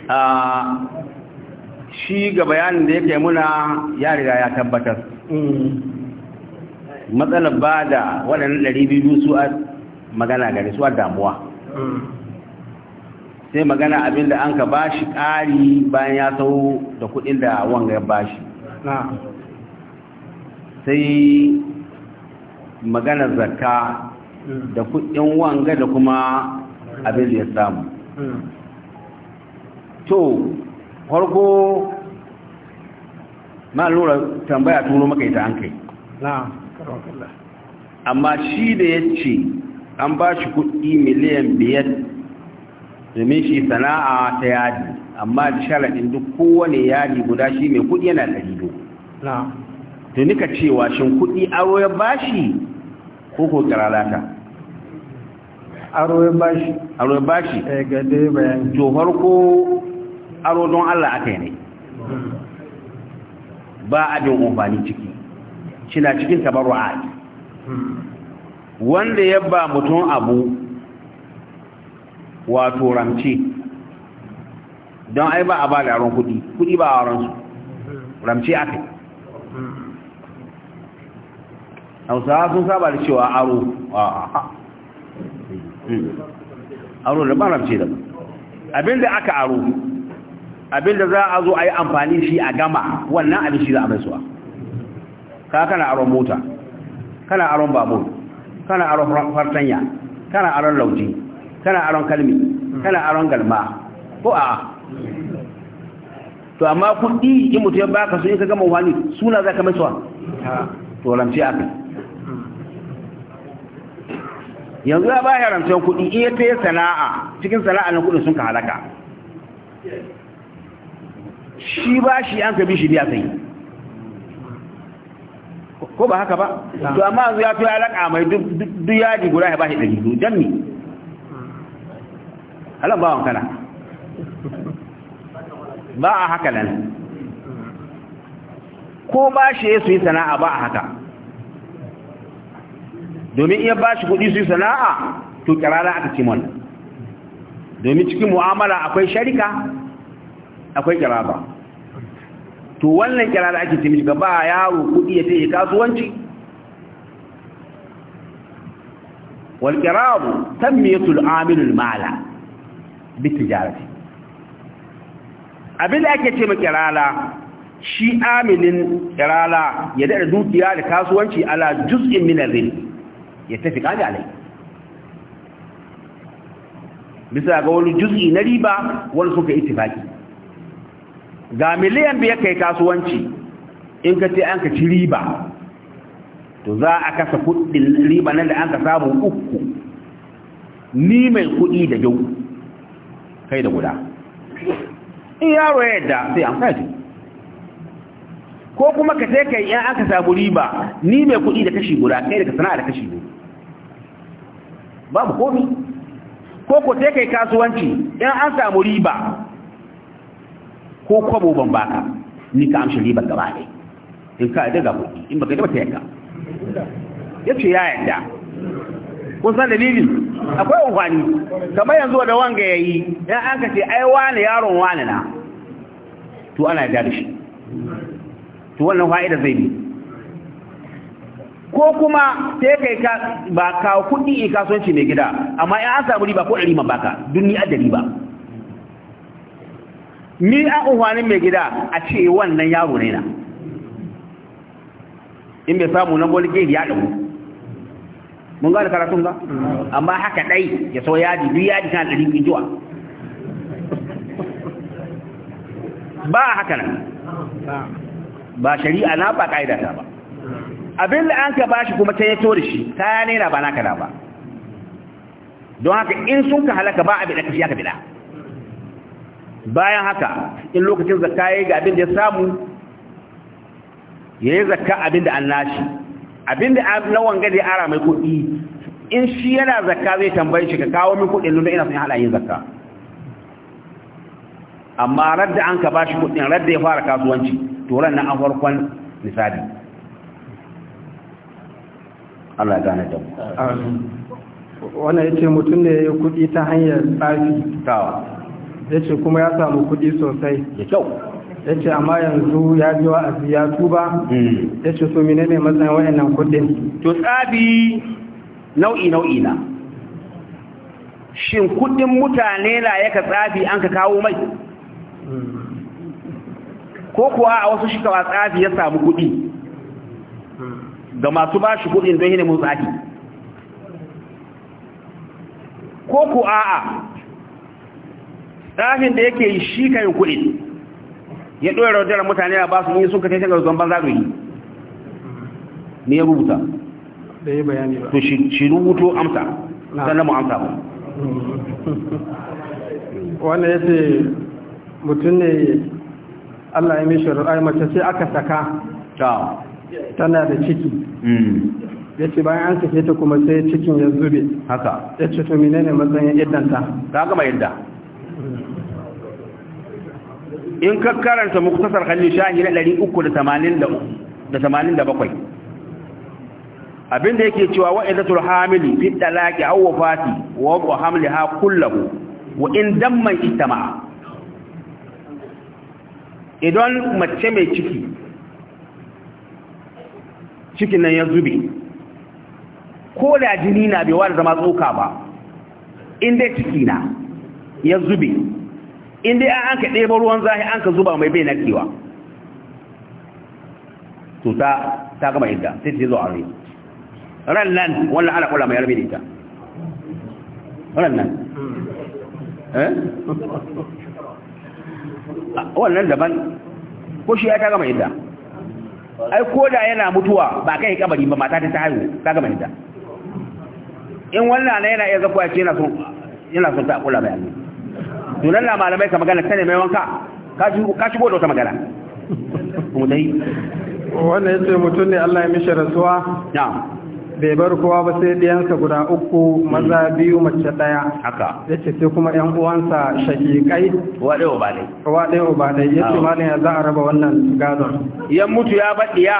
ah, shi ga bayanin da yake muna ya riga ya tabbatar mm. matsalar ba da waɗannan biyu su a magana ga su damuwa sai magana abin da an ka bashi ƙari bayan ya sau da kudin da wanga ya bashi sai magana zakka da kudin wanga da kuma abin da ya samu mm. to farko na lura tambaya turo maka ita an kai amma shi da ya ce an ba shi kuɗi miliyan biyar domin shi sana'a ta yadi amma da sharaɗin duk kowane yadi guda shi mai kuɗi yana ɗari do to nika cewa shin kuɗi aro ya bashi ko ko karalata aro ya bashi aro bashi eh ga dai to farko aro don Allah aka yi ne hmm. ba abin amfani ciki kina cikin tabarru'at hmm. wanda ya ba mutum abu wato ramce don ai ba a ba da kudi kudi ba a su, ramce aka hausawa sun saba da cewa aro aro da ba ramce da abinda aka aro abinda za a zo a yi amfani shi a gama wannan abin shi za a mai suwa ka kana aron mota kana aron babur kana aron fartanya kana aron lauti kana aron kalmi kana aron galma ko a to amma kudi in mutum baka su in ka gama wani suna za ka masuwa to a aka yanzu ya baya ramcen kuɗi in ta yi sana'a cikin sana'a na kuɗin sun ka halaka shi ba shi an ka bi shi biya sai ko ba haka ba to amma yanzu ya fi alaka mai duk yaji guda ya bashi ɗari biyu don ni halan ba kana ba a haka nan ko ba shi su yi sana'a ba a haka domin iya ba shi kudi su yi sana'a to kirara aka ce mana domin cikin mu'amala akwai sharika akwai kirara to wannan kira da ake cimishi ga ba yaro kudi ya ce kasuwanci wal al amil al mala bi tijarati abin da ake ce ma kirala shi amilin kirala ya da dukiya da kasuwanci ala juz'in min al ya tafi kaji alai bisa ga wani juz'i na riba wani suka ittifaki ga miliyan biyar kai kasuwanci in ka ce an ka ci riba to za a kasa kudin riba nan da an ka samu uku ni mai kuɗi da jau kai da guda in yaro ya yadda sai an kaji ko kuma ka sai kai in an ka samu riba ni mai kuɗi da kashi guda kai da sana'a da kashi biyu babu komi ko ko sai kai kasuwanci in an samu riba ko kwabo ban baka ni ka amshi riba gaba ɗaya in ka daga kuɗi in baka daba tayanka ta ya ce ya yadda kun san dalili akwai amfani kamar yanzu da wanga ya yi ya an ka ce ai wani yaron wani na to ana yadda da shi to wannan fa'ida zai bi ko kuma ta yi kai ka ba kawo kuɗi in kasuwanci mai gida amma in an samu riba ko ɗari man baka duniya ni riba ni a umarnin mai gida a ce wannan yaro ne na in bai samu na bolge ya damu mun gane karatun ba amma haka dai ya so yadi biyu yadi kan ɗari injuwa ba haka nan ba shari'a na ba ka'ida ta ba abin da an ka bashi kuma ta yi tori shi ta ne na ba ka na ba don haka in sun ka halaka ba abin da ya aka bida bayan haka in lokacin zakka yayi ga abin da ya samu yayi zakka abin da an nashi abin da na wanga da ara mai kuɗi in shi yana zakka zai tambaye shi ka kawo min kudin lullu ina son hala yin zakka amma radda an ka bashi kudin radda ya fara kasuwanci to ran nan an farkon misali Allah ya gane da mu wannan yace mutum ne ya kuɗi ta hanyar tsafi tawa ya ce kuma ya samu kuɗi sosai da kyau ya ce amma yanzu ya ji wa'azi ya tuba hmm. ya ce so mine ne matsayin wa'annan kudin to tsabi nau'i nau'i na shin kuɗin mutane la ya ka tsabi an ka kawo mai hmm. ko kuwa a wasu shikawa tsabi ya samu kuɗi hmm. ga masu ba shi kuɗin don hini mun tsabi ko ku a'a ɗafin da yake yi shi kayan kuɗi ya ɗora wajen mutane a basu yi sun kai taita ga zamban za yi ne ya rubuta da ya bayani ba to shi rubuto amsa sannan mu amsa ba <laughs> wanda ya ce mutum ne allah ya mishi ra'ayi mace sai aka saka tana da ciki mm. ya ce bayan an sake ta kuma sai cikin ya zube haka ya ce to ne matsayin iddanta ta gama yadda in ka karanta muktasar halin shahi na 387 abinda yake cewa wa'idatul hamili fi talaqi aw wafati wa wa hamliha kullahu wa in damman ijtama'a idan mace mai ciki cikin nan ya zube ko da jini na bai wa zama tsoka ba in dai ciki na ya zube in dai an ka ɗebo ruwan zahi an ka zuba mai bai na to ta ta gama yadda, sai ta zo a rai ran nan wannan ala kula mai yarbe da ita ran nan eh wannan daban ko shi ya ta gama yadda. ai ko da yana mutuwa ba kai kabari ba mata ta ta haihu ta gama yadda. in wannan yana iya zakuwa ce yana son yana son ta kula mai yarbe tunan na malamai ka magana ta ne mai wanka ka shigo da wata magana <laughs> mudai wanda ya ce mutum ne Allah ya mishi rasuwa bai bar kowa ba sai ɗiyansa guda uku maza hmm. biyu mace ɗaya haka ya ce sai kuma ƴan uwansa shakikai waɗe obadai waɗe dai, ya ce malin ya za a raba wannan gadon yan mutu ya baɗiya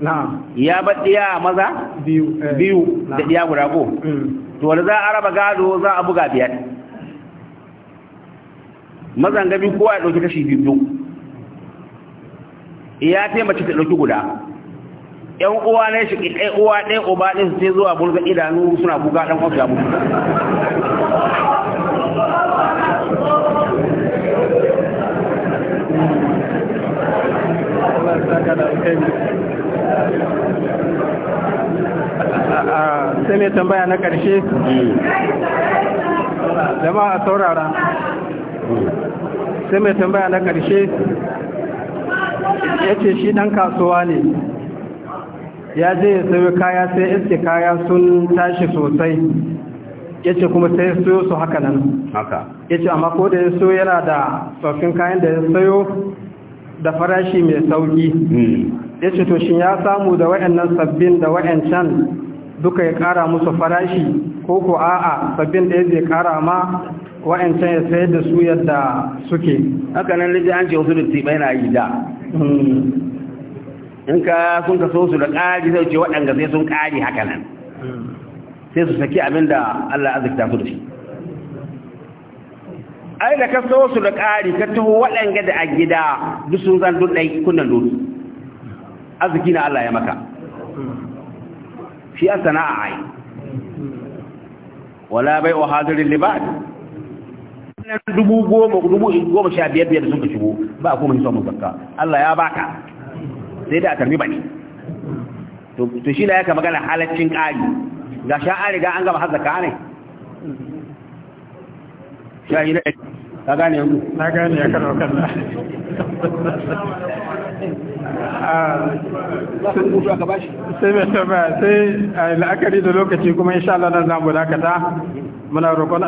na ya baɗiya maza biyu eh. da ɗiya guda ko hmm. to wanda za a raba gado za a buga biyar mazan gabi kowa ya ɗauki kashi biyu ya ce mace ta ɗauki guda yan uwa na shi ɗaya uwa ɗaya uba ɗin su sai zuwa bulga idanu suna kuka ɗan wasu damu sai mai tambaya na ƙarshe hmm. jama'a saurara hmm. sai mai tambaya na ƙarshe ya ce shi ɗan kasuwa ne ya je ya sayo kaya sai iske kaya sun tashi sosai ya ce kuma sai soyo su haka nan ya ce amma ko da ya soyo yana da tsoffin kayan da ya sayo da farashi mai sauki hmm. ya ce to shi ya samu da wa'annan sabbin da wa'ancan duka ya kara musu farashi ko ko a'a sabbin da ya zai kara ma wa'ancan ya sayar da su yadda suke haka nan liji an ce wasu da tibai yana yi da hmm. in ka sun ka so su da ƙari zai ce waɗanda sai sun ƙari haka nan hmm. sai su saki abin da Allah azikta su da ai da ka so su da ƙari ka taho waɗanda da a gida duk sun zan duk ɗai kunnan dole arziki na Allah ya maka hmm. shi a sana'a ai wala bai wa hadirin libadi yan dubu goma dubu goma sha biyar biyar sun ka shigo ba a kuma hisa mun zakka Allah ya baka sai da a tarbi bane to to shi na yaka magana halaccin ƙari ga sha an riga an gama har zakka ne shahi na ka gane yanzu na gane ya karo kan ah, sai mai sai ah, la'akari da lokaci kuma insha Allah nan zamu dakata muna roƙon